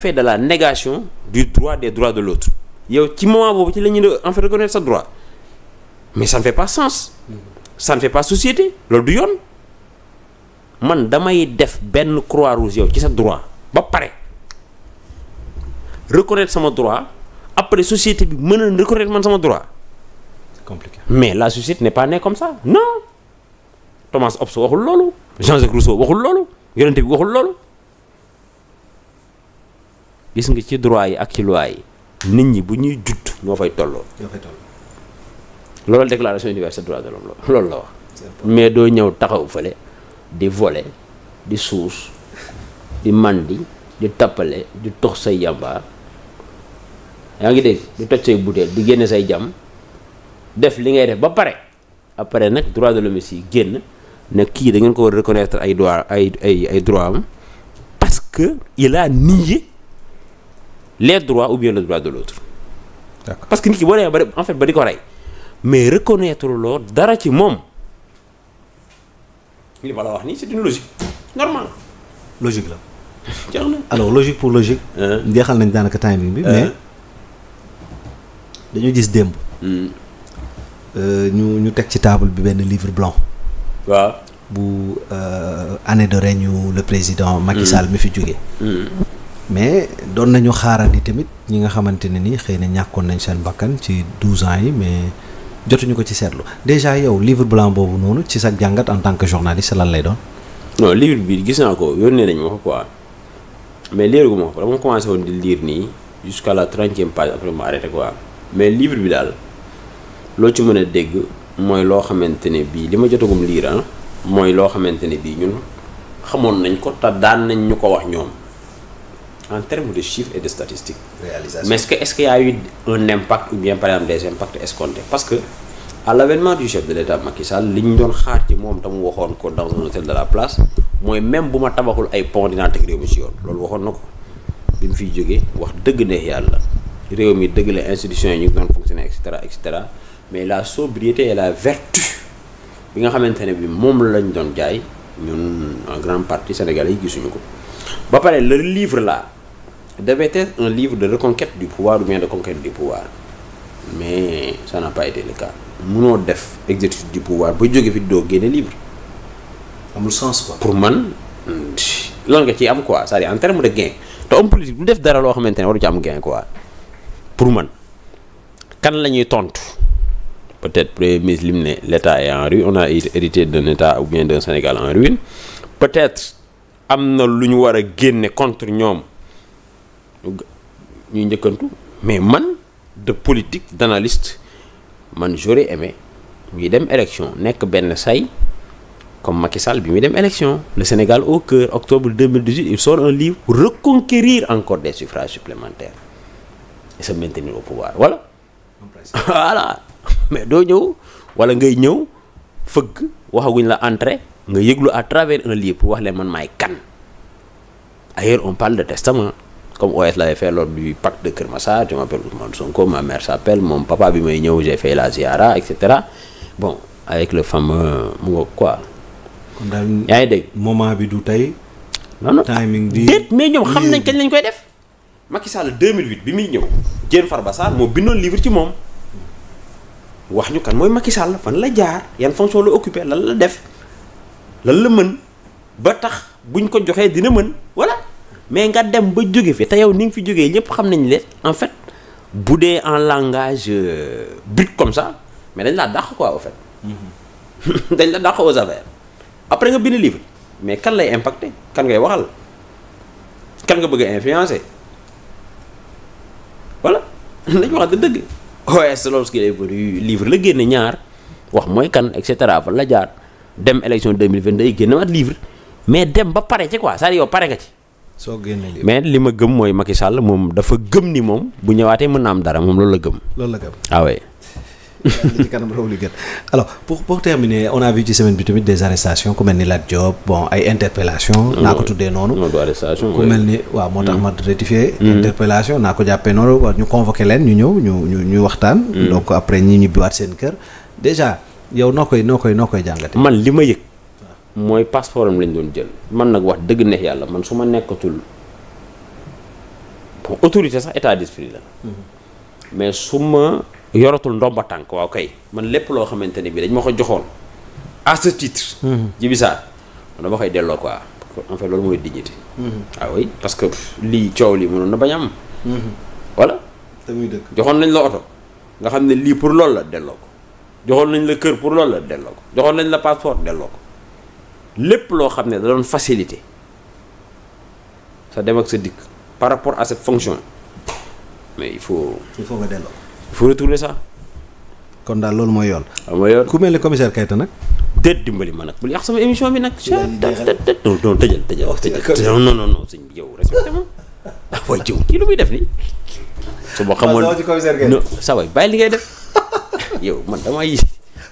fait de la négation du droit des droits de l'autre yow ci moment boobu ci la ñuy en fait reconnaître sa droit mais ça ne fait pas sens ça ne fait pas société loolu du yoon man damay def benn croix rouge yow ci sa droit ba pare reconnaître sama droit après société bi mën a reconnaître man sama droit c'est mais la société n'est pas ne comme ça non Thomas Hobbes waxul loolu Jean-Jacques Rousseau waxul loolu yonente bi waxul loolu gis nga ci droit yi ak ci loi yi nit ñi bu ñuy judd ñoo fay tolloo. ñoo fay tolloo loolu déclaration universelle droit de l'homme loolu la wax. mais doo ñëw taxaw fële di vole di suus di mandi di tappale di tox say yàmbaar yaa ngi dégg di toj say butéel di génne say jàmm def li ngay def ba pare après nag droit de l'homme yi génn ne kii da ngeen ko war reconnaître ay droit ay ay ay droit am parce que il a le droits ou bien le droit de l'autre parce que nit ki boo demee ba en fait ba di ko rey mais reconnaître loo dara ci moom li wax nii c'est une logique la jeex na alors logique pour logique njeexal euh. nañ daanaka timing bi euh. mais dañu gis démb hmm. euh, ñu ñu teg ci table bi benn livre blanc waaw bu anne de règne le président Macky hmm. Sall mi fi jóge hmm. mais doon nañu yi tamit ñi nga xamante ne ni xëy na ñàkkoon nañ seen bakkan ci douze ans yi mais jotuñu ko ci seetlu déjà yow livre blanc boobu noonu ci sa jàngat en tant que journaliste lan lay doon. non livre bi gis naa ko yónnee nañ ma ko quoi mais lire gu ma ko dama commencé woon di liir nii jusqu'à la trentième page après ma arrêté quoi mais livre bi daal loo ci mën a dégg mooy loo xamante ne bii li ma jotagum lire ah, mooy loo xamante ne bii ñun xamoon nañ ko te daan nañ ñu ko wax ñoom. en termes de chiffres et de statistiques. Mais est-ce qu'il est qu y a un impact ou doon xaar ci moom tam waxoon ko dans un hôtel de mooy même bu ma tabaxul ay pont dinaa teg réew mi ci yoon loolu waxoon na ko bi fiy jógee wax dëgg ne yàlla réew mi dëgg la institution yi ñu ngi doon fonctionner et cetera et mais la sobriété et la vertu bi nga xamante ne bi moom lañ doon jaay ñun en grande partie sénégal yi gisuñu ko ba pare le livre là. devait être un livre de reconquête du pouvoir ou bien de conquête du pouvoir mais ça n'a pas été le def exercice du pouvoir ba jóge fi doo génne livre. amul sens quoi. pour man loolu nga ciy am quoi c'est-à-dire en terme de gain te homme politique bu def dara loo xamante ne waru ci am gain quoi pour man kan lañuy tontu peut-être premier ministre lim ne l'État est en ruine on a hérité de État ou bien d'un Sénégal en ruine peut-être am na lu ñu war a génne contre ñoom. ñuy njëkkantu mais man de politique d'analyste man j'aurais aimé ñuy dem élection nekk benn say comme Macky Sall bi muy dem élection le Sénégal au cœur octobre 2018 il sort un livre pour reconquérir encore de suffrages supplémentaires et se maintenir au pouvoir voilà voilà mais doo ñëw wala ngay ñëw fëgg waxaguñ la entrée nga yëglu à travers un livre pour wax leen man maay kan ailleurs on parle de testament comme OS l'avait fait lors du pacte de Keur Massar je m'appelle Ousmane Sonko ma mère s'appelle mon papa bi may ñëw j'ai fait la ziara et cetera bon avec le fameux mu ngoog quoi. kon daal yaa ngi dégg moment bi du tey. non non timing bi déet mais ñëw xam nañ kañ lañ koy def. Macky Sall 2008 bi muy ñëw Diène Farba Sall moo bindoon livre ci moom wax ñu kan mooy Macky Sall fan la jaar yan fonction la occupé lan la def lan la mën ba tax buñ ko joxee dina mën wala. mais nga dem ba jóge fii te yow ni fi jógee ñëpp xam nañ leen en fait bu dee en langage euh, brut comme sax mais dañ laa dàq quoi en fait mm-hmm. dañ la dàq aux affaires après nga bind livre mais kan lay impacter kan ngay waxal kan nga bëgg a influencer voilà dañ wax dëgg OS lorsqu'il est venu livre la génne ñaar wax mooy kan et cetera fan la jaar dem élection day génne waat livre mais dem ba pare ci quoi c'est-à-dire pare nga ci soo génnee mais li ma gëm mooy Macky Sall moom dafa gëm ni moom bu ñëwaatee mën na am dara moom loolu la gëm. loolu la gëm ah kanam rawu li gën alors pour pour terminer on a vu ci semaine bi tamit des arrestations ku mel ni Lat Diop bon ay interpellations. Mm. naa ko tuddee noonu. non ku mel ni waaw moo tax ma mm. rectifier. Mm. interpellation naa ko jàppee noonu ñu convoqué leen ñu ñëw ñu ñu ñu waxtaan. donc après ñi ñibbiwaat seen kër déjà yow noo koy noo koy noo koy jàngatee. man li ma yëg. mooy passeport am lañ doon jël man nag wax dëgg neex yàlla man su ma nekkatul bon autorité sax état d'esprit la mais su ma yoratul ndomba tànk waaw kay man lépp loo xamante ne bii dañ ma ko joxoon à ce titre mm-hmm. jibi saar dama koy delloo ko en fait loolu mooy dignité mm-hmm. ah parce que lii coow lii mënoon na bañam am mm-hmm. voilà muy joxoon nañ la oto nga xam ne lii pour loolu la delloo ko joxoon nañ la kër pour loolu la delloo ko nañ la passeport delloo ko lépp loo xam ne da doon facilité sa dem ak sa dikk par rapport à cette fonction mais il faut. il faut nga delloo. il kon daal loolu mooy yoon. waaw ah, mooy ku mel ni commissaire Keita nag. déet dimbali ma nag bul yàq sama émission bi nag. non non tëjal tëjal oh, tëjal non non non sëñ bi yow respecté ma ah waaye jiw kii lu muy def nii. su ma xamoon non saa waay bàyyi li ngay def yow man damaa yi.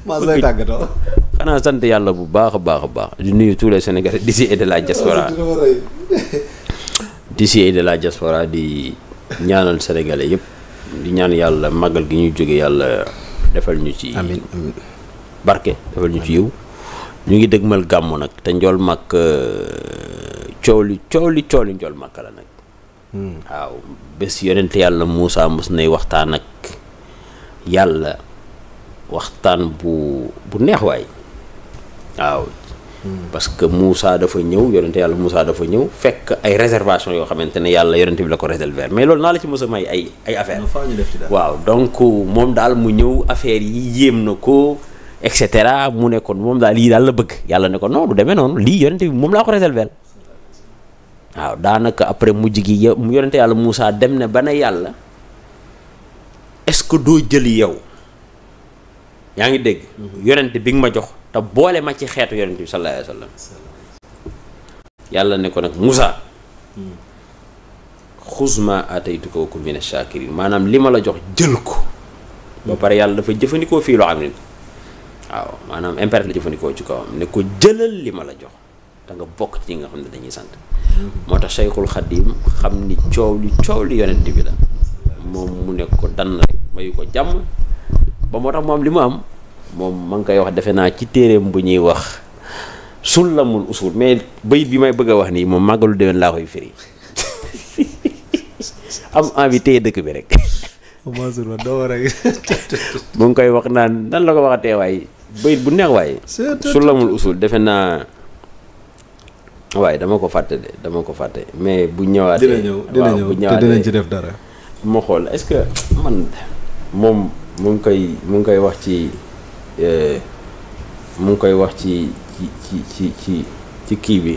maa ngi lay xanaa sant yàlla bu baax a baax a baax di nuyu tous les sénégalais d'ici et de la diaspora d'ici et de di ñaanal sénégalais yëpp di ñaan yàlla màggal gi ñuy jóge yàlla defal ñu ci amiin amiin barke defal ñu ci yiw ñu ngi dëgmal gàmmu nag te njool màkk euh, coow li coow li coow li njool màkk la nag hmm. waaw bés yonent yàlla Moussa mos nay waxtaan ak yàlla waxtaan bu bu neex waay waaw parce que muusaa dafa ñëw yonente yàlla Moussa dafa ñëw fekk ay réservation yoo xamante ne yàlla yonente bi la ko réserver mais loolu naa la ci mos a may ay ay affaire waaw donc moom daal mu ñëw affaire yi yéem na ko et cetera mu ne kon moom daal lii daal la bëgg yàlla ne ko non du demee noonu lii yonente bi moom laa ko réserver waaw daanaka après mujj gi yonente yàlla Moussa dem ne ba ne yàlla est-ce que doo jël yow yaa ngi dégg mm-hmm. yonente bi nga ma jox te boole ma ci xeetu yonent bi sallallahu alayhi wa sallam yàlla ne ko nag Moussa xuzma ataytuka wa kun mina shakirin maanaam li ma la jox jël ko ba pare yàlla dafa jëfandikoo fii lu am ni waaw maanaam impératif la jëfandikoo ci kawam ne ko jëlal li ma la jox da nga bokk ci ñi nga xam ne dañuy sant moo tax Cheikhul Khadim xam ni coow li coow li yonent bi la moom mu ne ko dann rek mayu ko jàmm ba moo tax moom li mu am moom ma ngi koy wax defe naa ci téereem bu ñuy wax sullamul usul mais bayit bi may bëgg a wax nii moom màggalu déwén laa koy firi am envie dëkk bi rek. Mansour ma doo war a ngi koy wax naan nan la ko waxatee waay bayit bu neex waay. sullamul usul defe naa waaye dama ko fàtte de dama ko fàtte mais bu ñëwaatee. dina ñëw dina ñëw te dinañ ci def dara. ma xool est-ce que man moom mu ngi koy mu ngi koy wax ci. Eh, mu ngi koy wax ci ci ci ci ci kii bi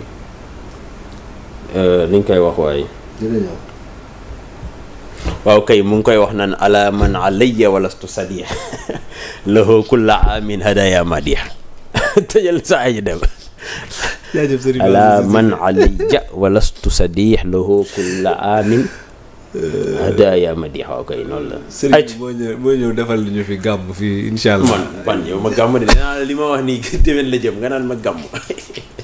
eh, liñ koy wax waaye waaw kay mu ngi koy wax naan ala man alayya walastu sadiya lahu kulla amin hadaya madiya tëjal sa aji dem ala man alayya walastu sadih lahu kulla amin Euh, Hadaaya Madiha kay noonu la. sëriñ bi boo ñëw defal ñu fi gàmm fii incha allah. man man ma gàmm de nee naa li ma wax nii déwén la jëm nga naan ma gàmm.